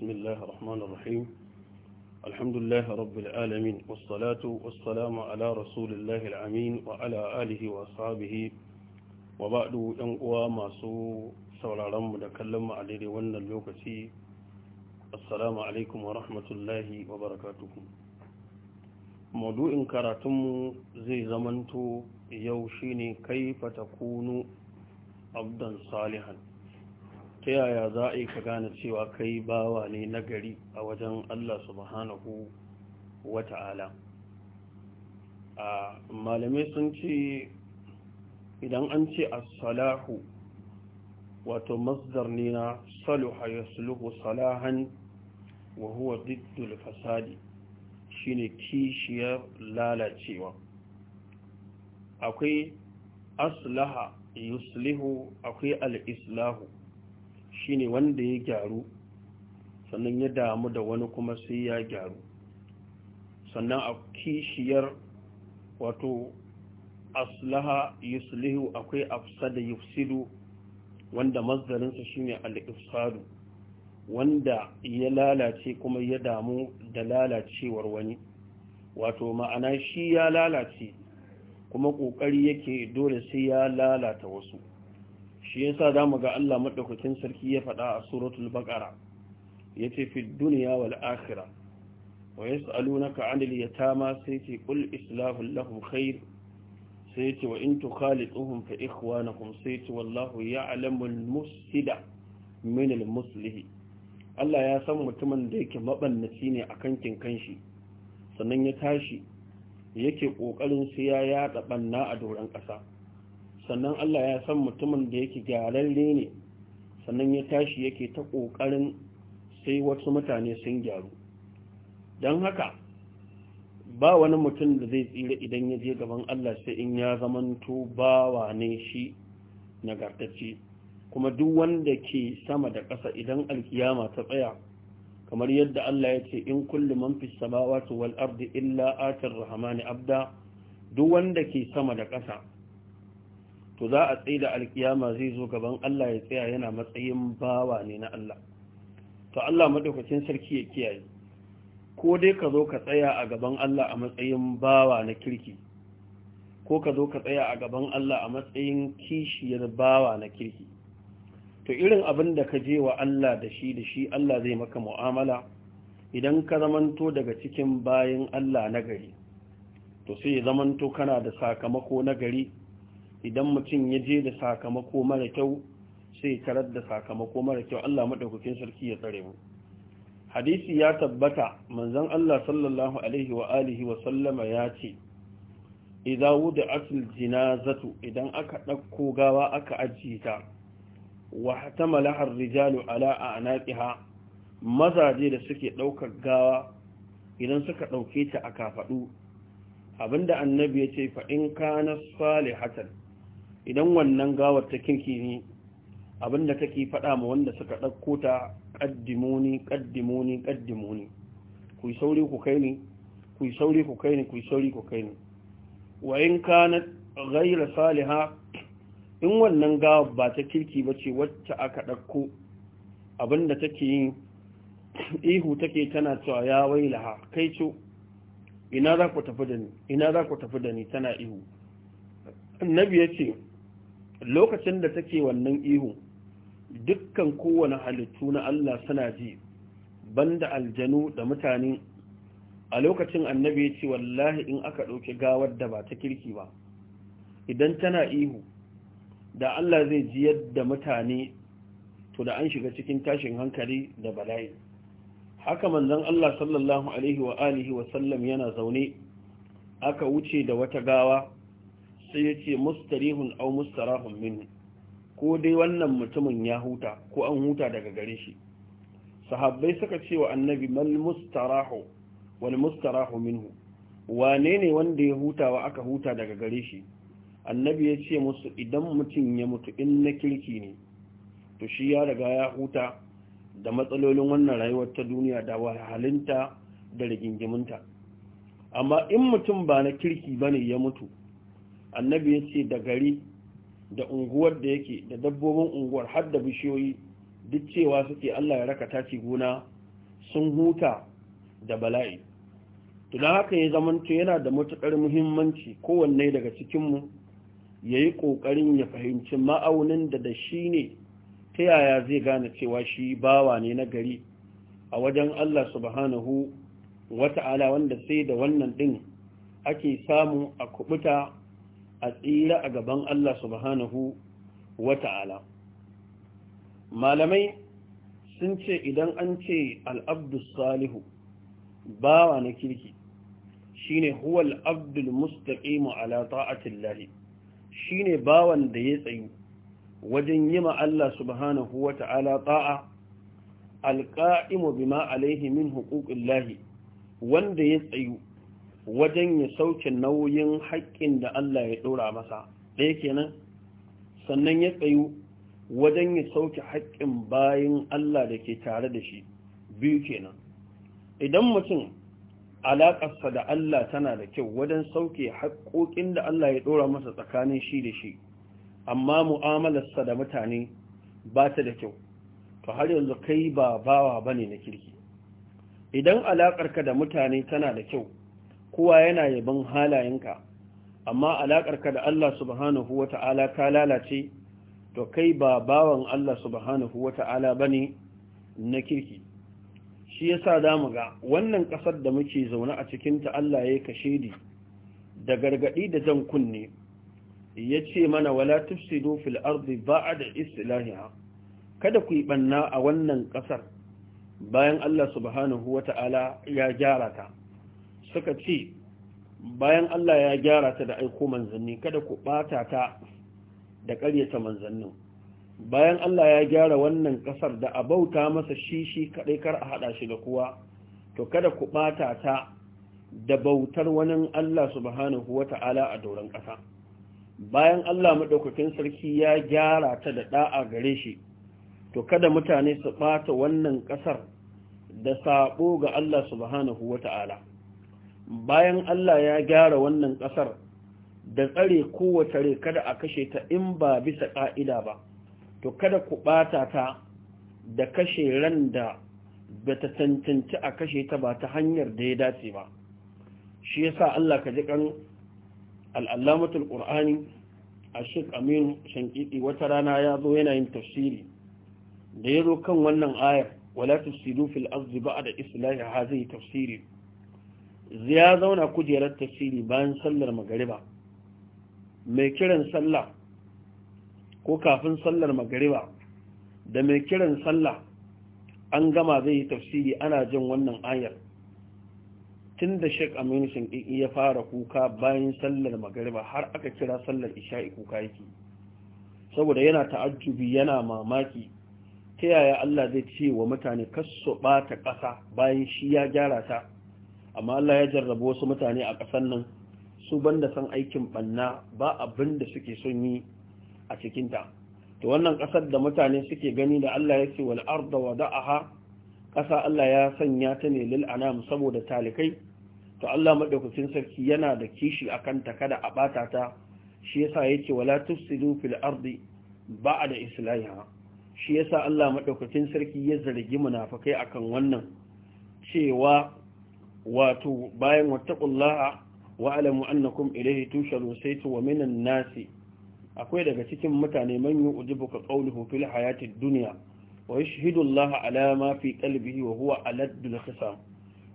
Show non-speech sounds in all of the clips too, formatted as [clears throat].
بسم الله الرحمن الرحيم الحمد لله رب العالمين والصلاة والسلام على رسول الله العمين وعلى آله وأصحابه وبعد ينقوى ما سوء sauraronmu da kallon mu a daidai wannan lokaci assalamu alaikum wa rahmatullahi wa barakatuhu maudu'in karatunmu zai zamanto yau shine kaifata kunu abdan salihan ta yaya za a yi ka gane cewa kai bawa ne nagari a wajen Allah subhanahu wa ta'ala malamai sun ce idan an ce as-salahu wato masdar ne na saluha ya suluhu salahan wa huwa diddul fasadi shine kishiyar lalacewa akwai aslaha yuslihu akwai al-islahu shine wanda ya gyaru sannan ya damu da wani kuma sai ya gyaru sannan a kishiyar wato aslaha yuslihu akwai da yufsidu wanda mazdarinsa shine al-ifsadu wanda ya lalace kuma ya damu da lalacewar wani wato ma'ana shi ya lalace kuma kokari yake dole sai ya lalata wasu shi yasa zamu ga Allah maɗaukacin sarki ya faɗa a suratul ya yace fi duniya wal akhirah wa yas'alunaka 'anil yatama sai ce qul islahun lahum khair sai ce wa in tukhaliquhum fa sai ce wallahu ya'lamu al-mufsida min muslihi Allah ya san mutumin da yake maɓannaci ne a kankin kanshi sannan ya tashi yake ƙoƙarin sai ya yaɗa ɓanna a doron ƙasa sannan Allah ya san mutumin da yake gyararre ne sannan ya tashi yake ta ƙoƙarin sai wasu mutane sun gyaru don haka ba wani mutum da zai tsira idan ya je gaban Allah sai in ya zamanto bawa ne shi nagartacce kuma duk wanda ke sama da ƙasa idan alkiyama ta tsaya kamar yadda Allah ya ce in kulli man fi samawati wal ardi illa atir rahmani abda duk wanda ke sama da ƙasa to za a tsaye da alkiyama zai zo gaban Allah ya tsaya yana matsayin bawa ne na Allah to Allah madaukakin sarki ya kiyaye ko dai ka zo ka tsaya a gaban Allah a matsayin bawa na kirki ko ka zo ka tsaya a gaban Allah a matsayin kishiyar bawa na kirki to irin abin da ka je wa Allah da shi da shi Allah zai maka mu'amala idan ka zamanto daga cikin bayan Allah na gari to sai ya zamanto kana da sakamako na gari idan mutum ya je da sakamako mara kyau sai tarar da sakamako mara kyau Allah madaukakin sarki ya tsare mu hadisi ya tabbata manzon Allah sallallahu alaihi wa alihi wa sallama ya ce idza asl jinazatu idan aka dauko gawa aka ajiye ta wa hatamala ar-rijalu ala a'naqiha mazaje da suke daukar gawa idan suka dauke ta a kafadu abinda annabi ya ce fa in kana salihatan idan wannan gawar ta kirki ne abinda take faɗa ma wanda suka ɗauko ta ƙaddimoni ƙaddimoni ƙaddimoni ku yi sauri ku kai ni ku yi sauri ku kai ni ku yi sauri ku kai ni wa in kana ghayra saliha in wannan gawar ba ta kirki ba ce wacce aka ɗauko abinda take yin ihu take tana cewa ya wailaha kai ce ina za ku tafi da ni ina za ku tafi da ni tana ihu annabi ya ce lokacin da take wannan ihu dukkan kowane halittu na Allah suna ji banda aljanu da mutane a lokacin annabi ya ce wallahi in aka ɗauki gawar da ba ta kirki ba idan tana ihu da Allah zai ji yadda mutane to da an shiga cikin tashin hankali da bala'i haka manzon Allah sallallahu alaihi wa alihi wa sallam yana zaune aka wuce da wata gawa sai ya ce mustarihun au mustarahun min ko dai wannan mutumin ya huta ko an huta daga gare shi sahabbai suka ce wa annabi mal mustarahu wal mustarahu minhu wane ne wanda ya hutawa aka huta daga gare shi annabi ya ce musu idan mutum ya mutu in na kirki ne to shi ya riga ya huta da matsalolin wannan rayuwar ta duniya da wahalinta da rigingiminta amma in mutum ba na kirki bane ya mutu annabi ya ce da gari da unguwar da yake da dabbobin unguwar har da bishiyoyi duk cewa suke Allah ya raka taci gona sun huta da bala'i to haka ya zamanto yana da matuƙar muhimmanci kowanne daga cikinmu ya yi ƙoƙarin ya fahimci ma'aunin da da shi ne ta yaya zai gane cewa shi bawa ne na gari a wajen Allah subhanahu wata'ala wanda sai da wannan ɗin ake samu a kubuta a tsira a gaban Allah subhanahu wa ta'ala malamai sun ce idan an ce al'abdus salihu bawa na kirki shine huwal Abdul mustaqimu ala ta'atin lahi shine bawan da ya tsayu wajen yi ma Allah subhanahu wa ta'ala ta'a alƙa'imu bima alaihi min hukukin lahi wanda ya tsayu wajen ya sauke nauyin haƙƙin da Allah ya ɗora masa ɗaya kenan sannan ya tsayu wajen ya sauke haƙƙin bayan Allah da ke tare da shi biyu kenan idan mutum alaƙarsa da Allah tana da kyau wajen sauke haƙƙoƙin da Allah ya ɗora masa tsakanin shi da shi amma mu'amalarsa da mutane ba ta da kyau to har yanzu kai ba bawa bane na kirki idan alaƙarka da mutane tana da kyau kowa yana yabon halayenka amma alaƙarka da Allah subhanahu wa ta'ala ka lalace to kai ba bawan Allah subhanahu wa ta'ala ba ne na kirki shi ya sa damu ga wannan ƙasar da muke zaune a cikinta Allah ya kashe di da gargaɗi da zan kunne ya ce mana wala tufsidu fil ardi ba'a da istilahiha kada ku yi ɓanna a wannan ƙasar bayan Allah subhanahu wa ta'ala ya gyara ta suka ce bayan Allah ya gyara ta da aiko manzanni kada ku ɓata ta da ƙaryata manzannin bayan Allah ya gyara wannan ƙasar da a bauta masa shi shi kaɗai kar a haɗa shi ga kowa to kada ku ɓata ta da bautar wani Allah subhanahu wa ta'ala a doron ƙasa bayan Allah maɗaukakin sarki ya gyara ta da ɗa'a gare shi to kada mutane su ɓata wannan ƙasar da saɓo ga Allah subhanahu wa ta'ala bayan Allah ya gyara wannan ƙasar da tsare kowace rai kada a kashe ta in ba bisa ƙa'ida ba to kada ku ɓata ta da kashe ran da ba ta cancanci a kashe ta ba ta hanyar da ya dace ba shi ya sa Allah ka ji ƙan al'allamatul ƙur'ani a shek aminu shankiki wata rana ya zo yana yin tafsiri da ya zo kan wannan ayar wala tafsiru fil islahiha zai tafsiri ya zauna kujerar tafsiri bayan sallar magariba mai kiran sallah ko kafin sallar magariba da mai kiran sallah an gama zai yi tafsiri ana jin wannan ayar tun da shek aminu shinkiki ya fara kuka bayan sallar magariba har aka kira sallar isha'i kuka yake saboda yana ta'ajjubi yana mamaki ta yaya Allah zai ce wa mutane kasu ɓata ƙasa bayan shi ya gyara ta amma Allah ya jarraba wasu mutane a ƙasar nan su ban da san aikin banna ba abin da suke son yi a cikinta to wannan ƙasar da mutane suke gani da Allah ya ce wal arda da'aha ƙasa Allah ya sanya ta ne lil anam saboda talikai to Allah madaukakin sarki yana da kishi akan ta kada a bata ta shi yasa yake wala tufsidu fil ardi ba'da islahiha shi yasa Allah madaukakin sarki ya zargi munafikai akan wannan cewa wato bayan wattaqullaha wa alamu annakum ilayhi tusharun sai wa minan nasi akwai daga cikin mutane man yu'jibuka qawluhu fil hayatid duniya wa yashhadu Allah ala ma fi qalbihi wa huwa aladdul khisam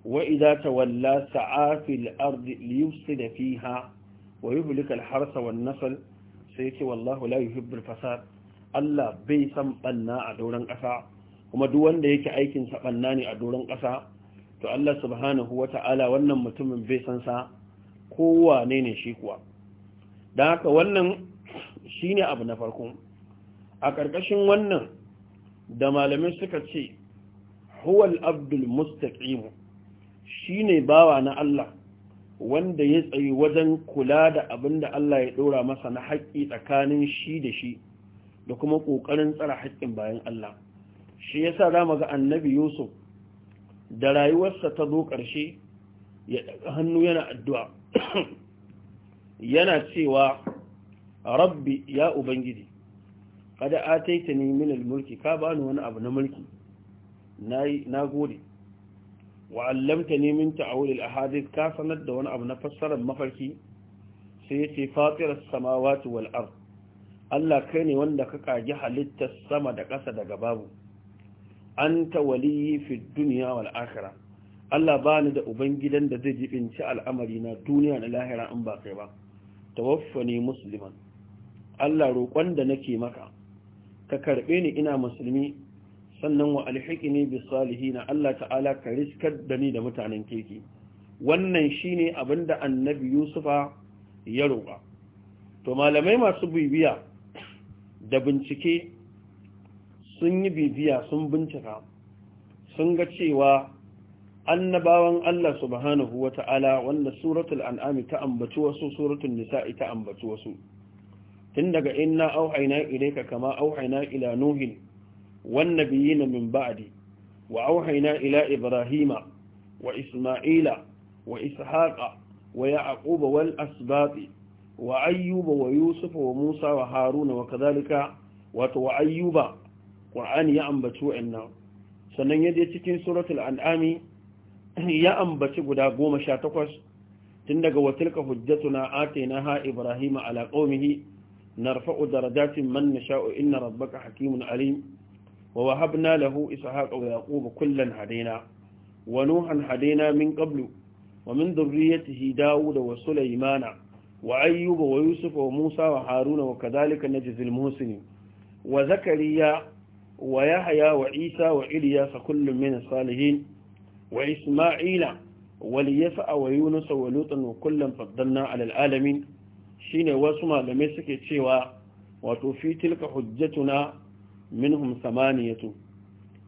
wa idza tawalla sa'a fil ardi liyufsida fiha wa yuhlika al harsa wan nasl sai wallahu la yuhibbul fasad Allah bai san banna a doron ƙasa kuma duk wanda yake aikin sa banna ne a doron ƙasa to Allah subhanahu wa ta'ala wannan mutumin bai san sa kowa ne ne shi kuwa don haka wannan shine abu na farko a ƙarƙashin wannan da malamai suka ce huwal abdul mustaqim shine bawa na Allah wanda ya tsayi wajen kula da abinda Allah ya ɗora masa na haƙƙi tsakanin shi da shi da kuma ƙoƙarin tsara haƙƙin bayan Allah shi yasa za mu ga annabi Yusuf da rayuwarsa ta zo ƙarshe ya ɗaga hannu yana addu'a [clears throat] yana cewa rabbi ya ubangiji kada a taita ne minal mulki ka bani wani abu na mulki na gode wa'allamta ne min a ahadith ka sanar da wani abu na fassarar mafarki sai ya ce fatirar samawati wal'ar Allah kai ne wanda ka kagi halittar sama da ƙasa daga babu anta waliyyi fi dunya wal akhirah Allah bani da ubangidan da zai jibinci al'amari na duniya da lahira in ba kai ba tawaffani musliman Allah roƙon da nake maka ka karɓe ni ina musulmi sannan wa alhiqni bis salihin Allah ta'ala ka riskar da ni da mutanen keke wannan shine abinda annabi Yusufa ya roƙa to malamai masu bibiya da bincike sun yi bibiya sun bincika sun ga cewa annabawan Allah subhanahu wa ta'ala wanda suratul an'ami ta ambaci wasu suratul nisa'i ta ambaci wasu tun daga inna auhaina ilayka kama auhaina ila nuhin wan na min ba'adi wa auhaina ila ibrahima wa isma'ila wa ishaƙa wa yaquba wal wa ayyuba wa yusufa wa musa wa haruna wa kazalika wato wa ayyuba ƙwa'ani ya ambaci wa'annan sannan ya je cikin suratul al'ami ya ambaci guda goma sha takwas tun daga watilka hujjatuna na ha ibrahima Na qaumihi narfa'u darajatin man nasha'u na rabbaka hakimun alim wa wahabna lahu ishaqa wa yaquba kullum Hadena? wa nuhan Hadena min kablu? wa min da dawuda wa sulaimana wa ayyuba wa yusufa wa musa wa haruna wa na najzil muhsinin wa zakariya wa yahya wa isa wa ilyas kullum min salihin wa isma'ila wal yasa wa Yunusa wa lutan wa kullum faddalna ala alamin shine wasu malamai suke cewa wato fitilka tilka hujjatuna minhum samaniyatu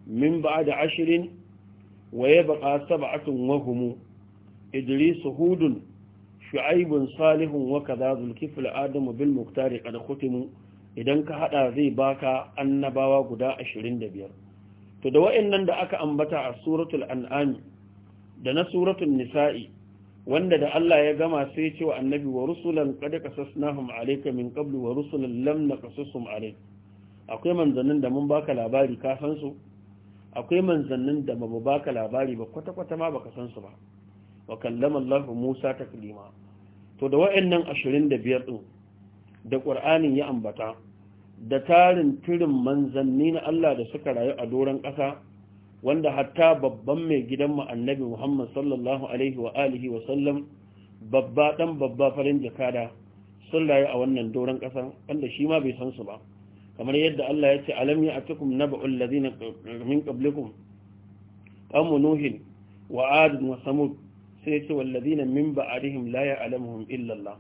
min da ashirin wa yabqa sab'atun wa hum idris hudun shuaibun Salihu wa kadha dhul kifl adam bil muqtar qad khutimu idan ka hada zai baka annabawa guda 25 to da wa'annan da aka ambata a suratul an'am da na suratul nisa'i wanda da Allah ya gama sai ya ce wa annabi wa rusulan qad qasasnahum alayka min qablu wa rusulan lam naqasasum alayka akwai manzannin da mun baka labari ka san su akwai manzannin da ba baka labari ba kwata-kwata ma baka san su ba wa kallama Allah Musa taklima to da wa'annan 25 din da ƙur'anin ya ambata da tarin turin manzanni na Allah da suka rayu a doron ƙasa wanda hatta babban mai gidanmu annabi Muhammad sallallahu alaihi wa alihi wa sallam babba dan babba farin jakada sun rayu a wannan doron ƙasa wanda shi ma bai san su ba kamar yadda Allah ya ce alam ya atikum naba'ul ladina min qablikum qawmu nuhin wa ad wa samud sai ce wal min ba'dihim la ya'lamuhum illa Allah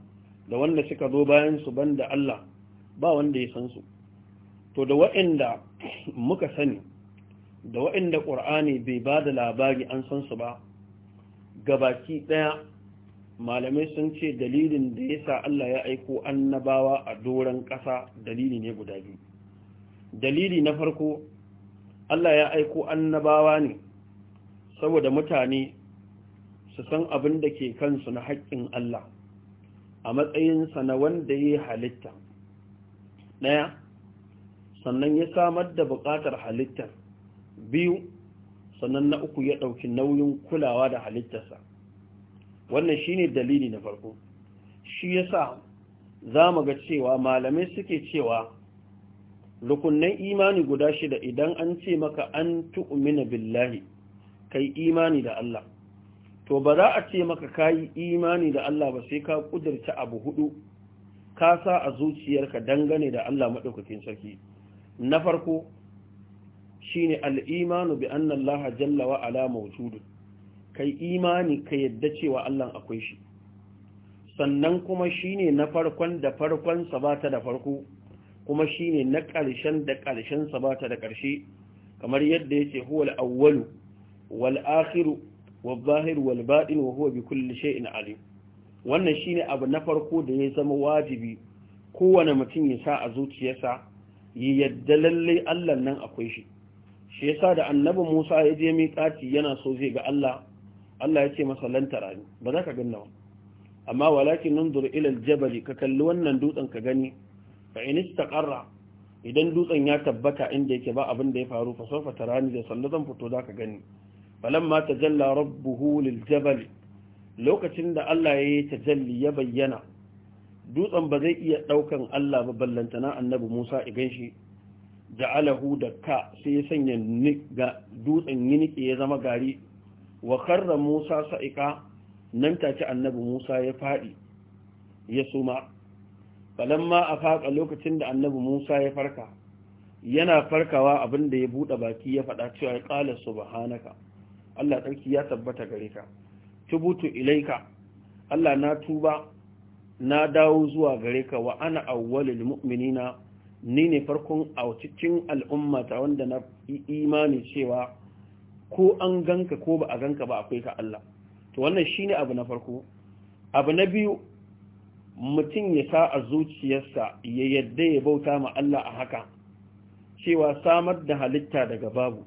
da wanda suka zo bayansu su banda Allah ba wanda ya san su to da wa'inda muka sani da wa'inda ƙur'ani bai ba da labari an san su ba gabaki ɗaya malamai sun ce dalilin da ya sa Allah ya aiko annabawa a doron ƙasa dalili ne guda biyu dalili na farko Allah ya aiko annabawa ne saboda mutane su san abin da ke kansu na haƙƙin Allah a matsayinsa na wanda ya halitta ɗaya sannan ya samar da buƙatar halittar biyu sannan na uku ya ɗauki nauyin kulawa da halittarsa wannan shine dalili na farko shi yasa za mu ga cewa malamai suke cewa rukunnan imani guda shida idan an ce maka an tu'mina billahi kai imani da Allah to ba za a ce maka kayi imani da Allah ba sai ka kudurta abu hudu ka sa a zuciyarka dangane da Allah maɗaukakin sarki na farko shine al'imanu bi anna Allah jalla wa ala kai imani ka yadda cewa Allah akwai shi sannan kuma shine na farkon da farkon sabata da farko kuma shine na ƙarshen da ƙarshen sabata da ƙarshe kamar yadda yake huwal awwalu wal akhiru والظاهر والباطن وهو بكل شيء عليم wannan shine abu na farko da ya zama wajibi kowane mutum ya sa a zuciyarsa ya yadda lalle Allah nan akwai shi shi yasa da annabi Musa ya je miƙati yana so zai ga Allah Allah ya ce masa rani, tarani ba za ka ganna ba amma walakin nundur ila aljabal ka kalli wannan dutsen ka gani fa in istaqarra idan dutsen ya tabbata inda yake ba abin da ya faru fa sawfa tarani da sallan zan fito za ka gani falamma tajalla rabbuhu lil jabal lokacin da Allah ya yi tajalli ya bayyana dutsen ba zai iya daukan Allah ba ballantana annabi Musa igan shi ja'alahu da ka sai ya sanya ga dutsen yinike ya zama gari wa karra Musa sa'ika nan take annabi Musa ya fadi ya suma falamma afaqa lokacin da annabi Musa ya farka yana farkawa abinda ya bude baki ya faɗa cewa qala subhanaka Allah tsarki ya tabbata gare ka tubutu ilaika Allah na tuba na dawo zuwa gare ka wa ana awwalul mu'minina ni ne farkon a cikin al'umma ta wanda na imani cewa ko an ganka ko ba a ganka ba akwai ka Allah to wannan shine abu na farko abu na biyu mutum ya sa a zuciyarsa ya yadda ya bauta ma Allah a haka cewa samar da halitta daga babu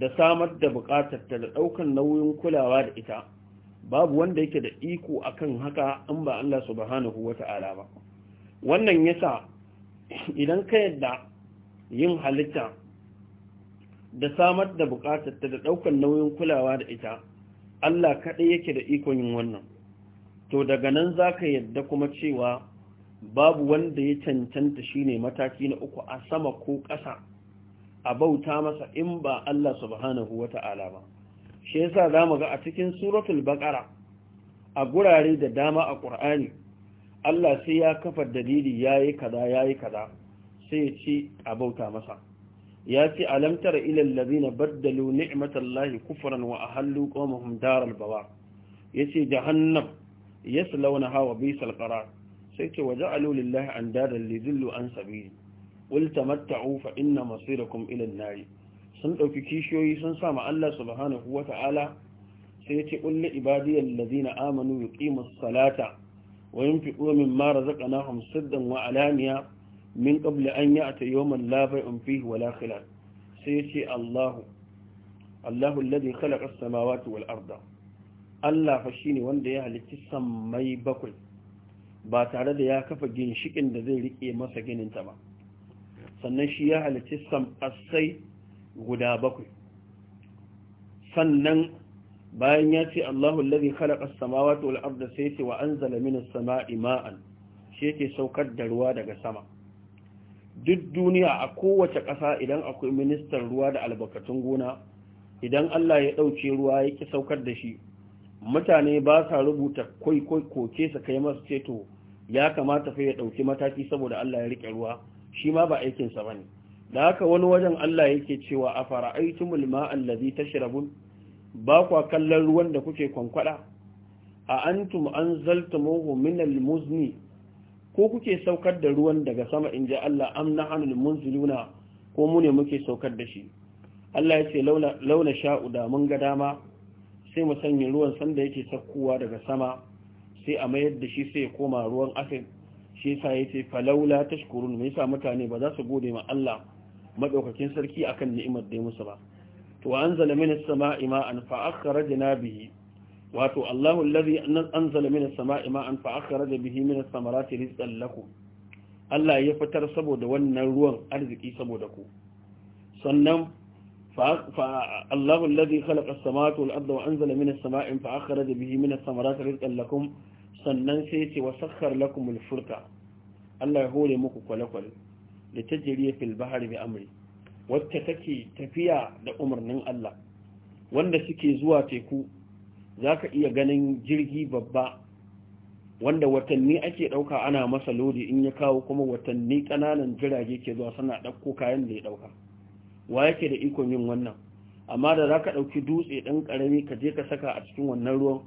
da samar da buƙatar ta da ɗaukan nauyin kulawa da ita babu wanda yake da iko akan haka in ba Allah subhanahu wata'ala ba wannan yasa idan ka yadda yin halitta da samar da buƙatar ta da ɗaukan nauyin kulawa da ita Allah kaɗai yake da iko yin wannan to daga nan za ka yadda kuma cewa babu wanda ya cancanta shine mataki na uku a sama ko ƙasa a bauta masa in ba Allah subhanahu wa ta'ala ba shi yasa za mu ga a cikin suratul baƙara a gurare da dama a ƙur'ani Allah sai ya kafa dalili ya yi kaza ya yi kaza sai ya ci a bauta masa ya ce alamtar ilal na baddalu ni'imatallahi kufran wa ahallu qawmahum daral bawa yace jahannam yaslawnaha hawa bisal qarar sai ce waja'alu lillahi andadan lidillu an sabili ƙulta tamatta'u fa inna masirakum ila an sun ɗauki kishiyoyi sun samu Allah subhanahu wata'ala sai yace qul li ibadiyal ladina amanu yuqimus salata wa yunfiqu mimma razaqnahum saddan wa alaniya min qabl an yi yawman la bay'un fihi wala khilal sai yace Allahu! Allahu! alladhi khalaqa samawati wal arda Allah fa ne wanda ya halicci sammai bakwai ba tare da ya kafa ginshiƙin da zai rike masa gininta ba sannan shi ya halitta sam'asai guda bakwai sannan bayan ya ce Allahu ladi khalaqa as-samawati wal arda sayti wa anzala minas sama'i ma'an shi yake saukar da ruwa daga sama duk duniya a kowace ƙasa idan akwai ministan ruwa da albarkatun gona idan Allah ya ɗauke ruwa ya ki saukar da shi mutane ba sa rubuta kwaikwai koke su kai masu ceto ya kamata fa ya ɗauki mataki saboda Allah ya rike ruwa shi ma ba aikinsa ba ne da haka wani wajen Allah yake cewa a fara'aitumul ma'an lazi tashrabun ba kwa kallon ruwan da kuke kwankwada a antum anzaltumuhu minal muzni ko kuke saukar da ruwan daga sama inji Allah amna hanul munziluna ko mu ne muke saukar da shi Allah ya ce launa sha'u da mun ga dama sai mu sanya ruwan sanda yake saukowa daga sama sai a mayar da shi sai ya koma ruwan asid shi yasa yace falaula tashkurun me yasa mutane ba za su gode ma Allah madaukakin sarki akan ni'imar da ya musu ba to an zala anzala minas an ma'an fa na bihi wato Allahu allazi anzala minas sama'i an fa akhraja bihi minas samarati rizqan lakum Allah ya fitar saboda wannan ruwan arziki saboda ku sannan فالله الذي خلق السماوات والأرض وأنزل من السماء فأخرج به من الثمرات رزقا لكم sannan sai ce wa sakar lakumul Allah ya hore muku kwale-kwale da jiriya fil bahari bi amri wacce take tafiya da umarnin Allah wanda suke zuwa teku zaka iya ganin jirgi babba wanda watanni ake ɗauka ana masa lodi in ya kawo kuma watanni kananan jirage ke zuwa suna dauko kayan da ya ɗauka, wa yake da ikon yin wannan amma da zaka ɗauki dutse dan karami ka je ka saka a cikin wannan ruwan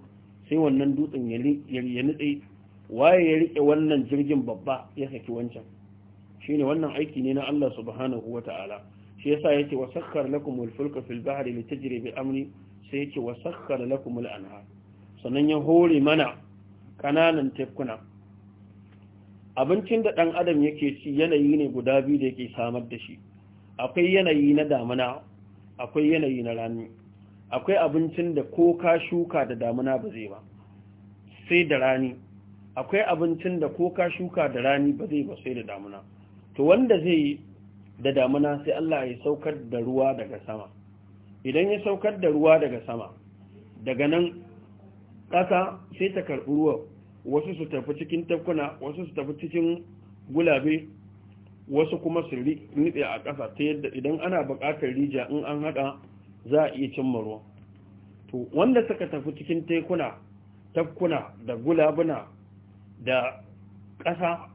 sai wannan dutsen ya nutse waye ya rike wannan jirgin babba ya saki wancan shine wannan aiki ne na Allah subhanahu wata'ala shi yasa yake wasakkar lakum al-fulka fil bahri tajri bi amri sai yake wasakkar lakum al-anhar sannan ya hore mana kananan tekuna abincin da dan adam yake ci yanayi ne guda biyu da yake samar da shi akwai yanayi na damana akwai yanayi na rani akwai abincin da ko ka shuka da damuna ba zai ba sai da rani akwai abincin da ko ka shuka da rani ba zai ba sai da damuna to wanda zai yi da damuna sai Allah ya saukar da ruwa daga sama idan ya saukar da ruwa daga sama daga nan ƙasa sai ta karɓi ruwa wasu su tafi cikin tafkuna wasu su tafi cikin gulabe wasu kuma su nitse a ƙasa ta yadda idan ana buƙatar rija in an haɗa za a iya cimma ruwa to wanda suka tafi cikin tekuna tafkuna da gulabuna da ƙasa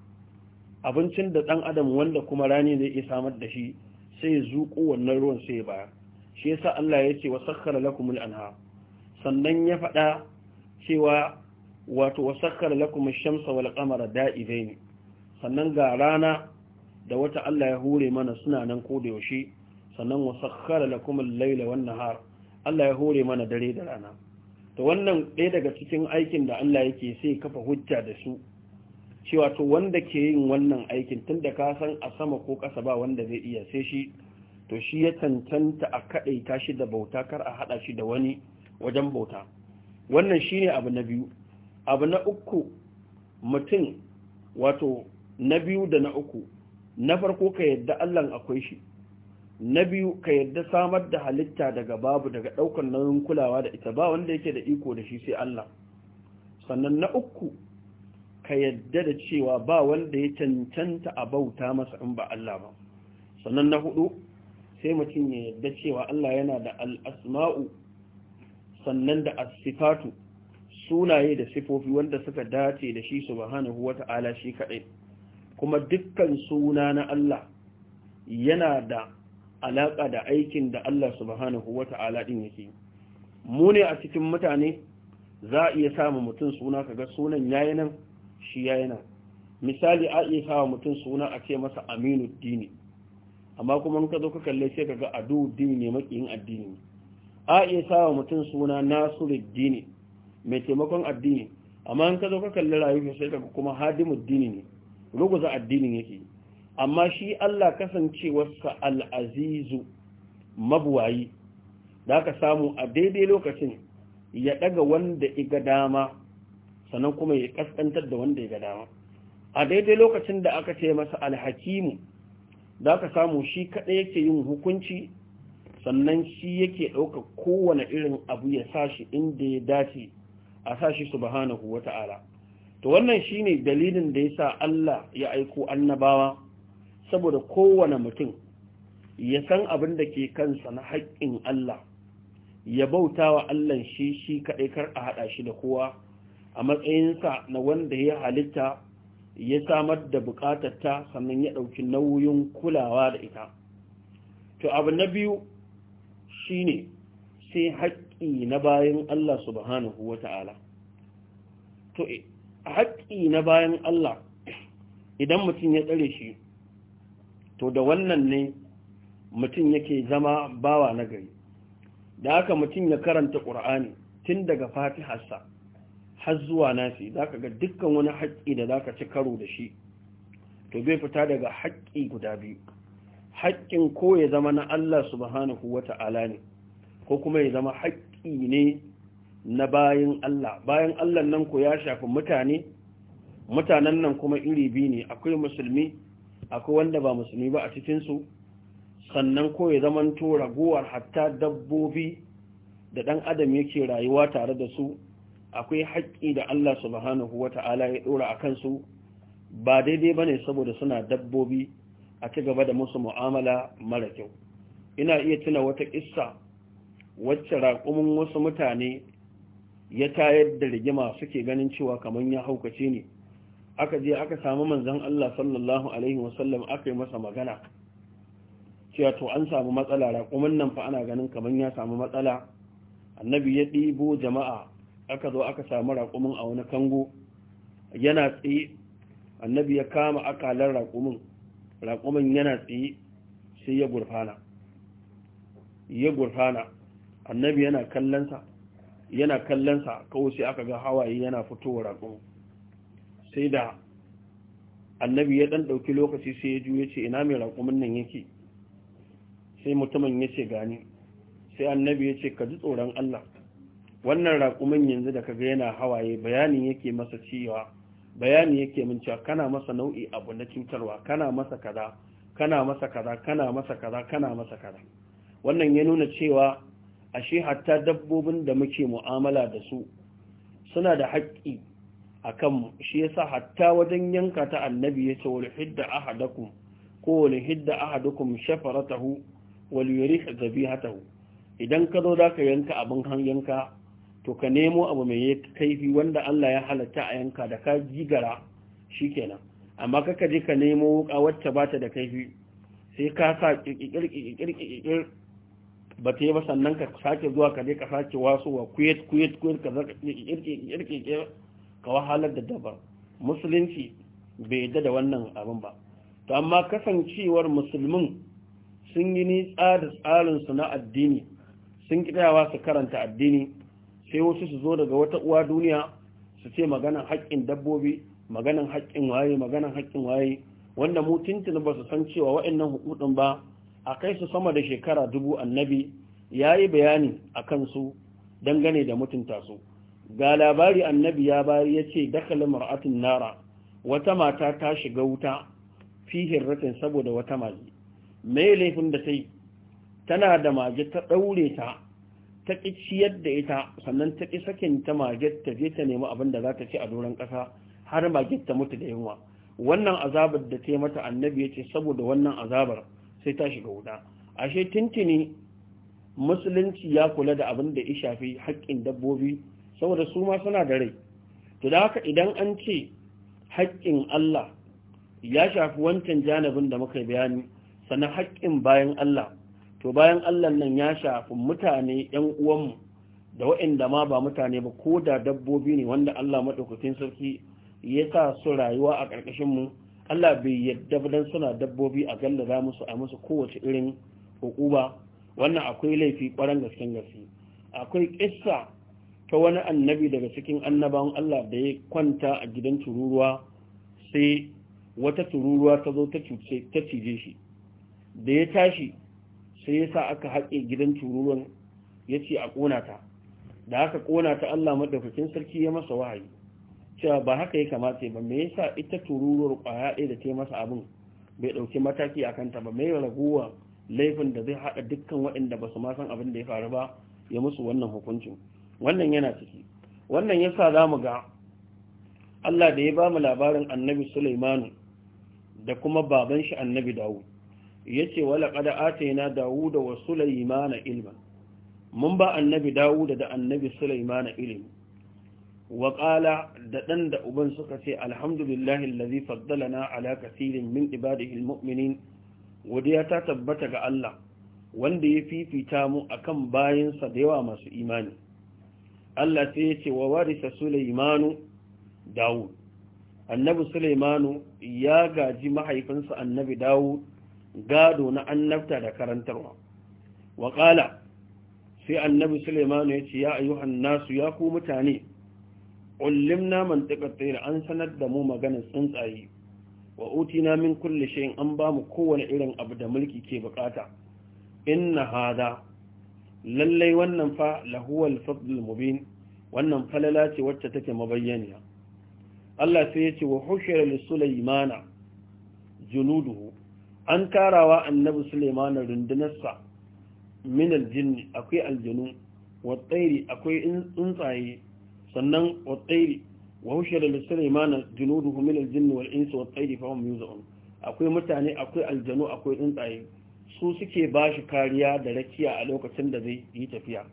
abincin da ɗan adam wanda kuma rani zai iya samar da shi sai ya zuƙo wannan ruwan sai ya baya shi yasa Allah ya ce wa lakum al-anha sannan ya faɗa cewa wato wa sakhkhara lakum ash-shamsa wal qamara da'ibaini sannan ga rana da wata Allah ya hure mana suna nan ko da yaushe sannan wa sakhkhara lakum al-layla wan nahar Allah ya hore mana dare da rana to wannan ɗaya daga cikin aikin da Allah yake sai kafa hujja da su cewa to wanda ke yin wannan aikin tunda ka san a sama ko ƙasa ba wanda zai iya sai shi to shi ya cancanta a kaɗaita shi da bauta kar a haɗa shi da wani wajen bauta wannan shine abu na biyu abu na uku mutum wato na biyu da na uku na farko ka yadda Allah akwai shi na biyu ka yadda samar da halitta daga babu daga ɗaukar nauyin kulawa da ita ba wanda yake da iko da shi sai Allah sannan na uku ka yadda da cewa ba wanda ya cancanta a bauta masa in ba Allah ba sannan na hudu sai mutum ya yadda cewa Allah yana da al'asma'u sannan da asifatu sunaye da sifofi wanda suka dace da shi subhanahu wata'ala shi kaɗai kuma dukkan suna na Allah yana da alaƙa da aikin da Allah subhanahu wa ta'ala ɗin yake mu ne a cikin mutane za a iya samun mutum suna kaga sunan yayi nan shi yayi misali a iya samu mutum suna a ce masa aminu dini amma kuma ka zo ka kalle sai kaga adu dini ne makiyin addini a iya samu mutum suna nasuru dini mai taimakon addini amma in ka zo ka kalle rayuwa sai kaga kuma hadimu dini ne ruguza addinin yake amma shi Allah kasancewarsa al'azizu mabuwayi da aka samu a daidai lokacin ya ɗaga wanda iga dama sannan kuma ya ƙasƙantar da wanda iga dama a daidai lokacin da aka ce masa alhakimu da aka samu shi kaɗai yake yin hukunci sannan shi yake ɗauka kowane irin abu ya sashi inda ya dace a sashi subhanahu wata'ala to wannan shine dalilin da ya sa Allah ya aiko annabawa saboda kowane mutum ya san abin da ke kansa na haƙƙin Allah ya bauta wa Allah shi shi kaɗai kar a haɗa shi da kowa a matsayinsa na wanda ya halitta ya samar da buƙatarta sannan ya ɗauki nauyin kulawa da ita to abu na biyu shi ne sai haƙƙi na bayan Allah subhanahu ta'ala to haƙƙi na bayan Allah idan mutum ya tsare shi to da wannan ne mutum yake zama bawa na gari da haka mutum ya karanta ƙur'ani tun daga fatiharsa har zuwa nasi za ka ga dukkan wani haƙƙi da za ka ci karo da shi to zai fita daga haƙƙi guda biyu haƙƙin ko ya zama na Allah subhanahu wa ta'ala ne ko kuma ya zama haƙƙi ne na bayan Allah bayan Allah nan ko ya shafi mutane mutanen nan kuma iri biyu ne akwai musulmi akwai wanda ba musulmi ba a cikinsu sannan ko ya zamanto raguwar hatta dabbobi da ɗan adam yake rayuwa tare da su akwai haƙƙi da Allah subhanahu wa ta'ala ya ɗora a kansu ba daidai ba ne saboda suna dabbobi a ci gaba da musu mu'amala mara kyau ina iya tuna wata ƙissa wacce raƙumin wasu mutane ya tayar da rigima suke ganin cewa kamar ya haukace ne aka je aka samu manzon Allah sallallahu alaihi wasallam aka yi masa magana cewa to an samu matsala raƙumin nan fa ana ganin kamar ya samu matsala annabi ya ɗibo jama'a aka zo aka samu raƙumin a wani kango yana tsaye annabi ya kama akalar raƙumin raƙumin yana tsaye sai ya gurfana ya gurfana annabi yana kallonsa yana kallonsa kawai sai aka ga hawaye yana fitowa raƙumin sai da annabi ya dan dauki lokaci sai ya juye ce ina mai raƙumin nan yake sai mutumin ya ce gani sai annabi ya ce ka ji tsoron Allah wannan raƙumin yanzu da kaga yana hawaye bayanin yake masa cewa bayani yake min cewa kana masa nau'i abu na cutarwa kana masa kaza kana masa kaza kana masa kaza kana masa kaza wannan ya nuna cewa ashe hatta dabbobin da muke mu'amala da su suna da haƙƙi akan shi yasa hatta wajen yanka ta annabi ya ce wal hidda ahadakum ko wal hidda ahadukum shafaratahu wal yurih zabihatahu idan ka zo zaka yanka abin han yanka to ka nemo abu mai kaifi wanda Allah ya halatta a yanka da ka jigara shikenan amma kaka je ka nemo wuka wacce bata da kaifi sai ka sa kirkirkirkirkir ba ta yi ba sannan ka sake zuwa ka je ka sake wasu wa kuyet kuyet kuyet ka zaka kirkirkirkir ka wahalar da dabar musulunci bai yadda da wannan abin ba to amma kasancewar musulmin sun yi nitsa da su na addini sun kidawa su karanta addini sai wasu su zo daga wata uwa duniya su ce maganan haƙƙin dabbobi maganan haƙƙin waye maganan haƙƙin waye wanda mu tuntuni ba su san cewa waɗannan hukudin ba a kai su sama da shekara dubu annabi ya yi bayani a kansu dangane da mutunta su ga labari annabi ya bari ya ce dakala mar'atun nara wata mata ta shiga wuta fi hirratin saboda wata maji mai laifin da ta tana da mage ta ɗaure ta ta ƙi ciyar da ita sannan ta ƙi sakin ta mage ta je ta nemi abin da za ta ci a doron ƙasa har mage ta mutu da yunwa wannan azabar da ta yi mata annabi ya ce saboda wannan azabar sai ta shiga wuta ashe tintini musulunci ya kula da abin da ya shafi haƙƙin dabbobi saboda su ma suna da rai to da haka idan an ce haƙƙin Allah ya shafi wancan janabin da muka bayani sannan haƙƙin bayan Allah to bayan Allah nan ya shafi mutane ‘yan uwanmu da waɗanda ma ba mutane ba ko da dabbobi ne wanda Allah maɗaukakin sarki ya sa su rayuwa a ƙarƙashin mu? Allah bai yadda dan suna dabbobi a gallaza musu a musu kowace irin hukuba wannan akwai laifi ƙwarar gasken gaske akwai kissa ta wani annabi daga cikin annabawan Allah da ya kwanta a gidan tururuwa sai wata tururuwa ta zo ta cije shi da ya tashi sai ya sa aka haƙe gidan tururuwan ya ce a ƙona ta da aka ƙona ta Allah maɗaukakin sarki ya masa wahayi cewa ba haka ya kamata ba me yasa ita tururuwar ƙwaya ɗaya da ta masa abin bai ɗauki mataki a kanta ba mai raguwa laifin da zai haɗa dukkan waɗanda ba su ma san abin da ya faru ba ya musu wannan hukuncin wannan yana ciki wannan yasa za mu ga Allah da ya ba mu labarin annabi Sulaimanu da kuma baban shi annabi Dawud ce wala qad atayna Dawud wa Sulaimana ilma mun ba annabi Dawud da annabi Sulaimana ilimi? wa da ɗan da uban suka ce alhamdulillahi allazi faddalana ala kaseerin min ibadihi muminin godiya ta tabbata ga Allah wanda ya fifita mu akan bayansa da yawa masu imani Allah sai ya ce wa warisa Suleimanu Dawud annabi Suleimanu ya gaji mahaifinsa annabi Dawud gado na annabta da karantarwa wa kala sai annabi Suleimanu ya ce ya ayyuhan nasu ya ku mutane ullimna mantiqat tayr an sanar da mu maganar tsuntsaye wa utina min kulli shay'in an ba mu kowane irin abu da mulki ke bukata inna hada lallai wannan fa lahuwal fadlul mubin wannan falala ce wacce take mabayyana Allah sai ya ce wa hushira li sulaymana junuduhu an karawa annabi sulaymana rundunarsa min aljinni akwai aljinu wa tsairi akwai tsuntsaye sannan wa tsairi wa hushira li sulaymana junuduhu min aljinni wal insi wa tsairi fa hum yuzun akwai mutane akwai aljanu akwai tsuntsaye su suke ba shi kariya da rakiya a lokacin da zai yi tafiya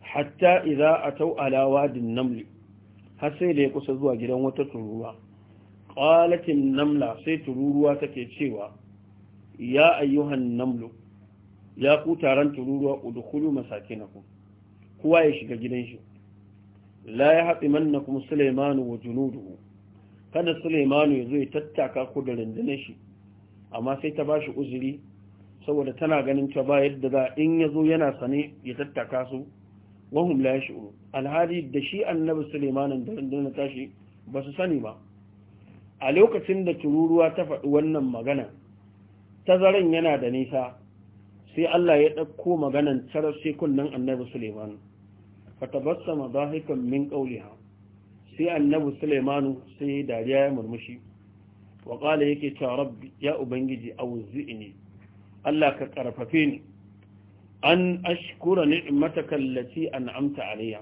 hatta idza tau ala din naml har sai da ya kusa zuwa gidan wata tururuwa qalatin namla sai tururuwa take cewa ya ayyuhan namlu ya ku taron tururuwa udkhulu masakinakum kowa ya shiga gidan shi la ya haɗi mannakum sulaimanu wa junuduhu kada sulaimanu ya zo ya tattaka ku da rundunar shi amma sai ta bashi uzuri saboda tana ganin cewa ba yadda za in ya zo yana sane ya tattaka su wahum la yash'u alhali da shi annabi sulaimanin da rundunar tashi ba su sani ba a lokacin da tururuwa ta faɗi wannan magana ta tazaran yana da nisa sai Allah ya ɗauko maganan tarar sai kunnan annabi Suleiman tabassama dahikan min qawliha sai annabi Suleiman sai dariya ya murmushi wa qala yake cewa rabbi ya ubangiji auzi'ni Allah ka ƙarfafe ni an ashkura ni'mataka allati an'amta alayya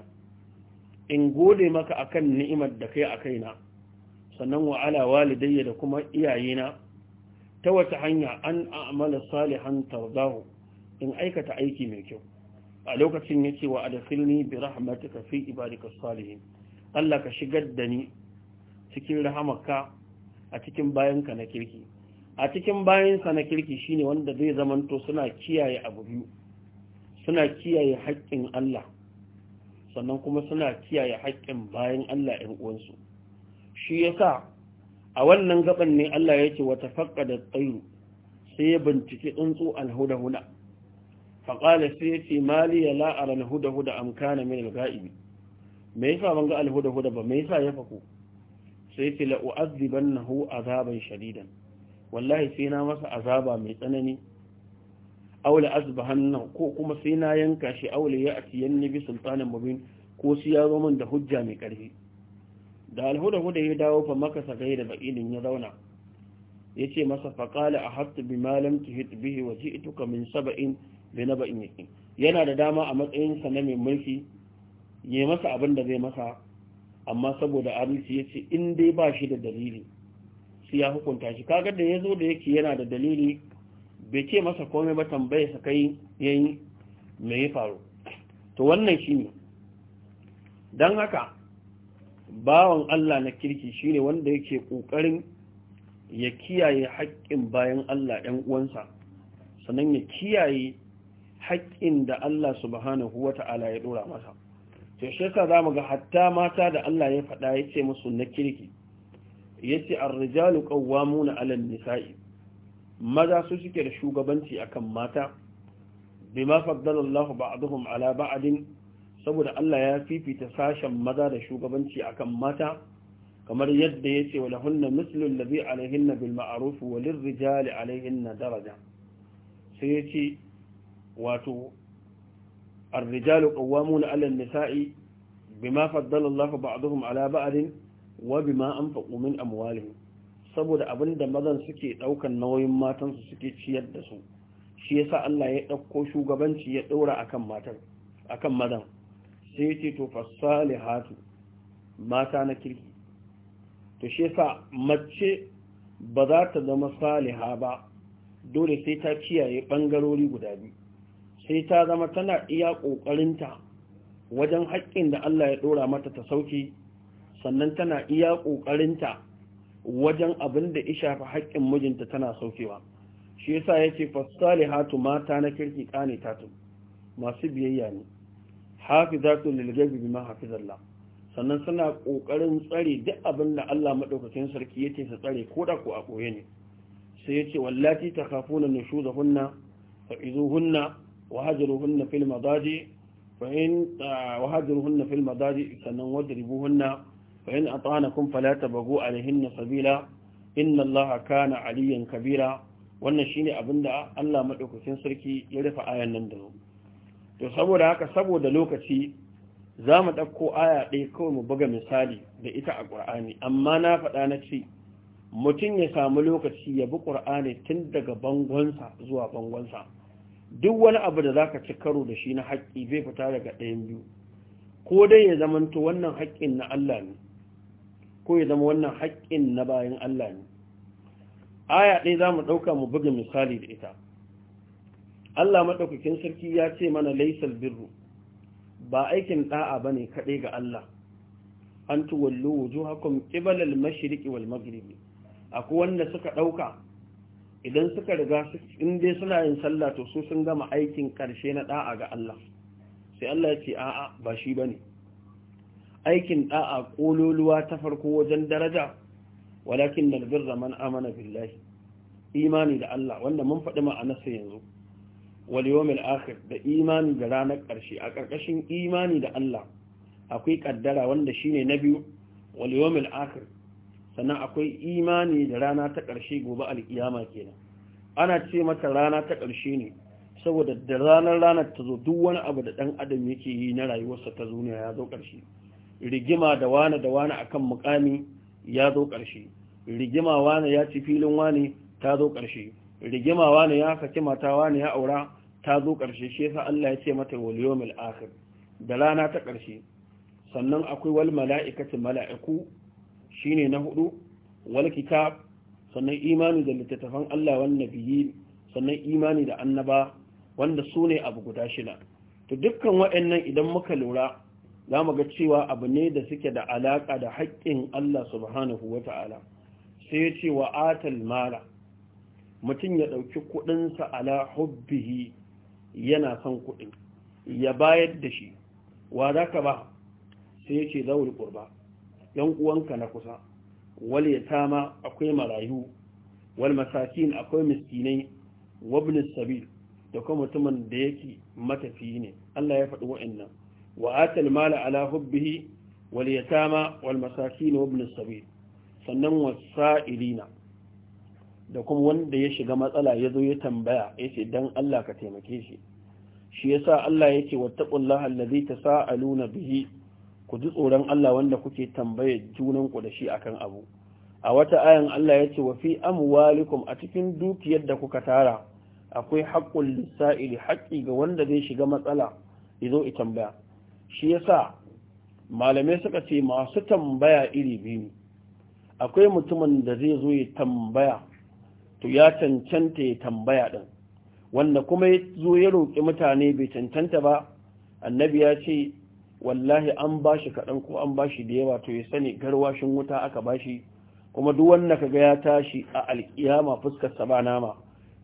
in gode maka akan ni'imar da kai a kaina sannan wa ala walidayya da kuma iyayena ta wata hanya an a'mala salihan tardahu in aikata aiki mai kyau a lokacin yace wa adkhilni bi rahmatika fi ibadika salihin Allah ka shigar da ni cikin rahamarka a cikin bayanka na kirki a cikin bayansa na kirki shine wanda zai zamanto suna kiyaye abu biyu suna kiyaye haƙƙin Allah sannan kuma suna kiyaye haƙƙin bayan Allah ‘yan uwansu shi yasa a wannan gaban ne Allah ya ce wata faƙa da tsayu sai ya binciki tsuntsu alhuda-huda faƙala sai ya ce mali ya la'ara alhuda-huda amkana min alga'ibi me yasa ban ga alhuda-huda ba me yasa ya faku sai ya ce la'u'azziban azaban shadidan wallahi sai na masa azaba mai tsanani aule azbahanna ko kuma sai na yanka shi aula ya ya bi sultanin mubin ko su ya zo min da hujja mai karfi da alhuda-huda ya dawo fa makasa gaida da ilin ya zauna ya ce masa faƙala a hattu bi malam tuhit bihi wa ji'tuka min saba'in bi na yakin yana da dama a matsayin sa na mai mulki yayi masa abin da zai masa amma saboda arisi ya ce in dai ba shi da dalili sai ya hukunta shi kaga da ya zo da yake yana da dalili bai ce masa komai ba tambaye sa kai yayi me ya faru to wannan shine dan haka bawan Allah na kirki shine wanda yake kokarin ya kiyaye haƙƙin bayan Allah ɗan uwansa sannan ya kiyaye haƙƙin da Allah subhanahu wata'ala ya dora masa to shi za zamu ga hatta mata da Allah ya faɗa ya ce musu na kirki yace ar-rijalu qawwamuna 'ala an-nisa'i maza su suke da shugabanci akan mata bima faddala Allah ba'dahum 'ala ba'din saboda Allah ya fifita sashen maza da shugabanci akan mata kamar yadda yace wa lahunna mislu allazi 'alayhinna bil ma'ruf wa lirrijali 'alayhinna daraja sai yace wato الرجال قوامون على Nisa'i, bima فضل الله بعضهم على بعض Wabi ma an anfaqu min amwalihim saboda abinda mazan suke ɗaukan nauyin matansu su suke ciyar da su shi yasa Allah ya ɗauko shugabanci ya daura akan matar akan mazan sai yace to fasalihatu mata na kirki to shi yasa mace ba za ta zama saliha ba dole sai ta kiyaye bangarori guda biyu sai ta zama tana iya ƙoƙarinta wajen haƙƙin da Allah ya ɗora mata ta sauki sannan tana iya ƙoƙarinta wajen abin da ya shafi haƙƙin mijinta tana saukewa shi yasa yace fasalihatu mata na kirki qanitatu masu biyayya ne su lil bi bima hafizallah sannan suna ƙoƙarin tsare duk abin da Allah madaukakin sarki yace su tsare ko da ko a koye ne sai yace wallati takhafuna nushuzahunna fa'izuhunna hunna fil madaji fa in ah, hunna fil madaji sannan wadribuhunna fa in Falata Bago tabagu alaihinna sabila inna allaha kana aliyan kabira wannan shine da Allah madaukakin sarki ya rufe ayan nan da to saboda haka saboda lokaci za mu ɗauko aya ɗaya kawai mu buga misali da ita a ƙur'ani amma na faɗa na ce mutum ya samu lokaci ya bi ƙur'ani tun daga bangonsa zuwa bangonsa duk wani abu da za ka ci karo da shi na haƙƙi bai fita daga ɗayan biyu ko dai ya zamanto wannan haƙƙin na Allah ne ko ya zama wannan haƙƙin na bayan Allah ne aya ɗaya za mu ɗauka mu buga misali da ita Allah maɗaukakin sarki ya ce mana laisal birru ba aikin ɗa'a ba ne kaɗai ga Allah an tuwallo wujo hakan ƙibalal mashiriki wal magribi akwai wanda suka ɗauka idan suka riga in dai suna yin sallah to su sun gama aikin ƙarshe na ɗa'a ga Allah sai Allah ya ce a'a ba shi ba ne aikin da'a kololuwa ta farko wajen daraja walakin dal birra man amana billahi imani da Allah wanda mun faɗi ma'anarsa yanzu wal yawmil akhir da imani da ranar ƙarshe a ƙarƙashin imani da Allah akwai kaddara wanda shine na biyu wal yawmil akhir sannan akwai imani da rana ta ƙarshe gobe alkiyama kenan ana ce mata rana ta ƙarshe ne saboda da ranar ranar ta zo duk wani abu da ɗan adam yake yi na rayuwarsa ta zo ya zo ƙarshe rigima da wane da wane akan mukami ya zo ƙarshe rigima wane ya ci filin wane ta zo ƙarshe rigima wane ya saki mata wane ya aura ta zo ƙarshe shi yasa Allah ya ce mata wal yawmil akhir da rana ta ƙarshe sannan akwai wal mala'ikati mala'iku shine na hudu wal kitab sannan imani da littattafan Allah wan nabiyyi sannan imani da annaba wanda su ne abu guda shida to dukkan waɗannan idan muka lura za mu ga cewa abu ne da suke da alaƙa da haƙƙin Allah subhanahu wa ta'ala sai ya ce wa atal mala mutum ya ɗauki kuɗinsa ala hubbihi yana son kuɗi ya bayar da shi wa za ka ba sai ce zaul ƙurba ‘yan uwanka na kusa wal yatama akwai marayu wal masakin akwai miskinai wabnis sabil da kuma mutumin da yake matafi ne Allah ya faɗi wa'annan وآت المال على حبه واليتامى والمساكين وابن السبيل sannan wasa'ilina da kuma wanda ya shiga matsala ya zo ya tambaya ya ce don Allah ka taimake shi shi ya sa Allah ya ce wattaƙullaha allazi ta sa'aluna bihi ku ji tsoron Allah wanda kuke tambaye junanku da shi akan abu a wata ayan Allah ya ce wa fi amwalikum a cikin dukiyar da kuka tara akwai haƙƙun lissa'ili haƙƙi ga wanda zai shiga matsala ya zo ya tambaya shi yasa malamai suka ce masu tambaya iri biyu akwai mutumin da zai zo ya tambaya to ya cancanta ya tambaya din wanda kuma ya zo ya roƙi mutane bai cancanta ba annabi ya ce wallahi an ba shi kaɗan ko an ba shi da yawa to ya sani garwashin wuta aka ba shi kuma duk wanda ga ya tashi a alƙiyama fuskar sa ba nama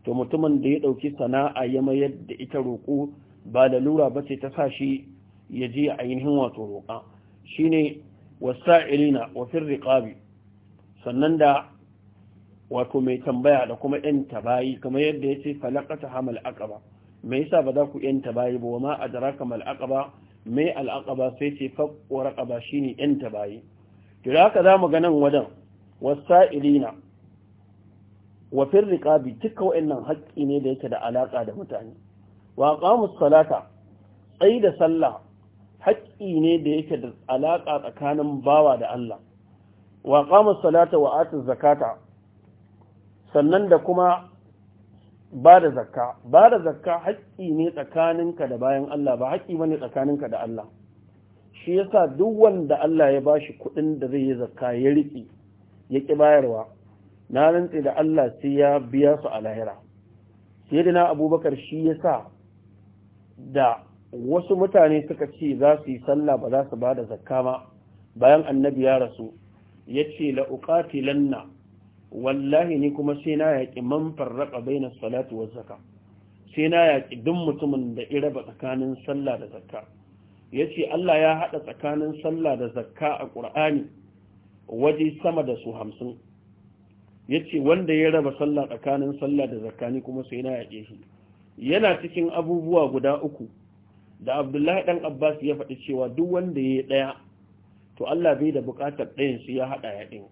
to mutumin da ya ɗauki sana'a ya mayar da ita roƙo ba da lura ba ce ta sa shi ya a ainihin wato roƙa shine wasa'ilina wa fir sannan da wato mai tambaya da kuma yan tabayi kamar yadda yace falakata hamal aqaba me yasa ba za ku yan tabayi ba ma adraka mal aqaba me al sai ce faqwa shi shine yan tabayi to haka zamu ga nan wadan wasa'ilina wa fir duka wayannan haƙƙi ne da yake da alaƙa da mutane wa aqamus salata da sallah haƙƙi ne da yake da alaƙa tsakanin bawa da Allah wa qama salata wa atu zakata sannan da kuma ba da zakka ba da zakka haƙƙi ne tsakaninka da bayan Allah ba haƙƙi bane tsakaninka da Allah shi yasa duk wanda Allah ya bashi kuɗin da zai yi zakka ya riƙe ya ƙi bayarwa na rantse da Allah sai ya biya su a lahira sai da na abubakar shi yasa da wasu mutane suka ce za su yi sallah ba za su ba da zakka ba bayan annabi ya rasu ya ce la'uƙatilanna wallahi ni kuma sai na yaƙi man farraƙa na salatu wa zakka sai na yaƙi duk mutumin da ba tsakanin sallah da zakka ya ce Allah ya haɗa tsakanin sallah da zakka a ƙur'ani waje sama da su hamsin ya ce wanda ya raba sallah tsakanin sallah da zakka ni kuma sai na yaƙe shi yana cikin abubuwa guda uku da abdullahi dan abbas ya faɗi cewa duk wanda ya yi ɗaya to allah bai da buƙatar ɗayan su ya haɗa ya ɗin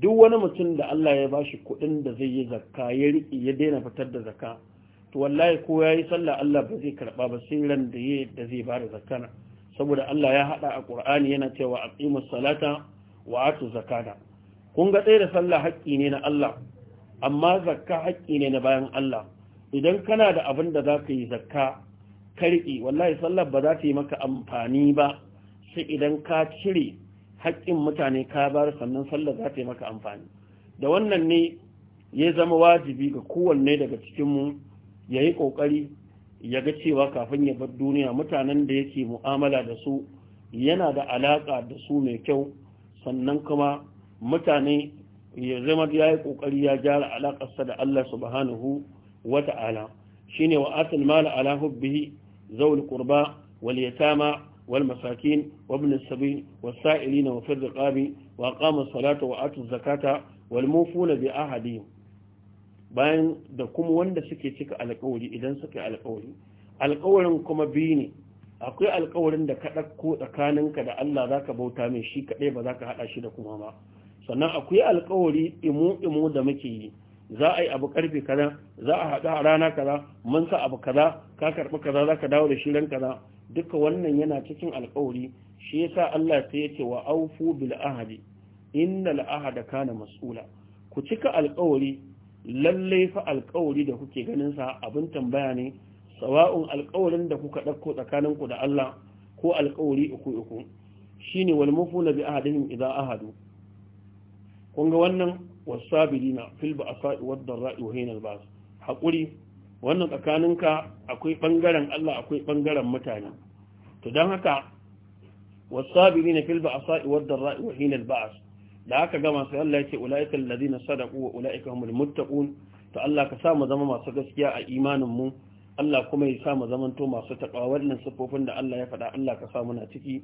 duk wani mutum da allah ya bashi kuɗin da zai yi zakka ya riƙe ya daina fitar da zakka to wallahi ko ya yi sallah allah ba zai karɓa ba sai ran da ya da zai ba da zakka saboda allah ya haɗa a ƙur'ani yana cewa aqimus salata wa atu zakata kun ga ɗaya da sallah haƙƙi ne na allah amma zakka haƙƙi ne na bayan allah idan kana da abin da za ka yi zakka riƙe wallahi sallar ba za ta yi maka amfani ba sai idan ka cire haƙƙin mutane ka bar sannan sallar za ta yi maka amfani da wannan ne ya zama wajibi ga kowanne daga cikinmu ya yi ƙoƙari ya ga cewa kafin ya bar duniya mutanen da yake mu'amala da su yana da alaƙa da su mai kyau sannan kuma mutane ya zama ya yi ƙoƙari ya gyara alaƙarsa da Allah subhanahu wata'ala shine shi ne wa mala ala hubbihi zawul qurba wal yatama wal masakin wa ibn as-sabil was sa'ilina wa fir riqabi salata wa atu zakata bayan da kuma wanda suke cika alkawari idan suke alkawari alkawarin alƙawarin kuma biyu ne akwai alƙawarin da ka ɗauko tsakaninka da Allah za ka bauta mai shi kaɗai ba za ka haɗa shi da kuma ba sannan akwai alƙawari imu-imu da muke yi za a yi abu karfe kaza za a haɗu a rana kaza mun sa abu kaza ka karɓi kaza za ka dawo da shi ran kaza duka wannan yana cikin alkawari shi yasa Allah sai ya ce wa aufu bil ahadi innal ahada kana mas'ula ku cika alkawari lalle fa alkawari da kuke ganin sa abin tambaya ne sawa'un alkawarin da kuka ɗauko tsakanin ku da Allah ko alkawari uku uku shine wal mafuna bi ahadihim idza ahadu kun ga wannan wasabirina fil ba'sa wad darra'i wa hinal ba's hakuri wannan tsakaninka akwai ɓangaren Allah akwai ɓangaren mutane to don haka wasabirina fil ba'sa wad darra'i wa hinal ba's da haka gama sai Allah yake ulaika alladhina sadaqu wa ulaika humul muttaqun to Allah ka sa mu zama masu gaskiya a imanin mu Allah kuma ya sa mu zamanto masu taɓa wannan siffofin da Allah ya faɗa Allah ka sa muna ciki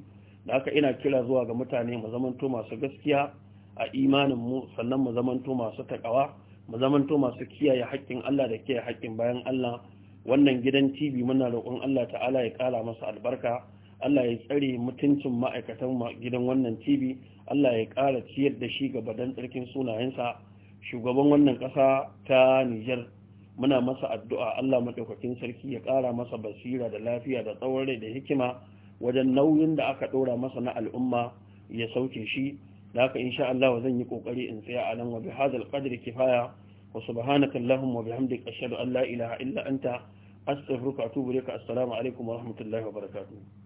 da haka ina kira zuwa ga mutane mu zamanto masu gaskiya a imanin mu sannan mu zamanto masu takawa mu zamanto masu kiyaye haƙƙin Allah da kiyaye haƙƙin bayan Allah wannan gidan TV muna roƙon Allah ta'ala ya ƙara masa albarka Allah ya tsare mutuncin ma'aikatan gidan wannan TV Allah ya ƙara ciyar da shi gaba don tsarkin sunayensa shugaban wannan ƙasa ta Nijar muna masa addu'a Allah madaukakin sarki ya ƙara masa basira da lafiya da tsawon da hikima wajen nauyin da aka ɗora masa na al'umma ya sauke shi da haka insha Allah zan yi kokari in tsaya a nan wa bi hadal qadri kifaya wa subhanaka allahumma wa bihamdika ashhadu an la ilaha illa anta astaghfiruka wa atubu ilaik assalamu alaikum wa rahmatullahi wa barakatuh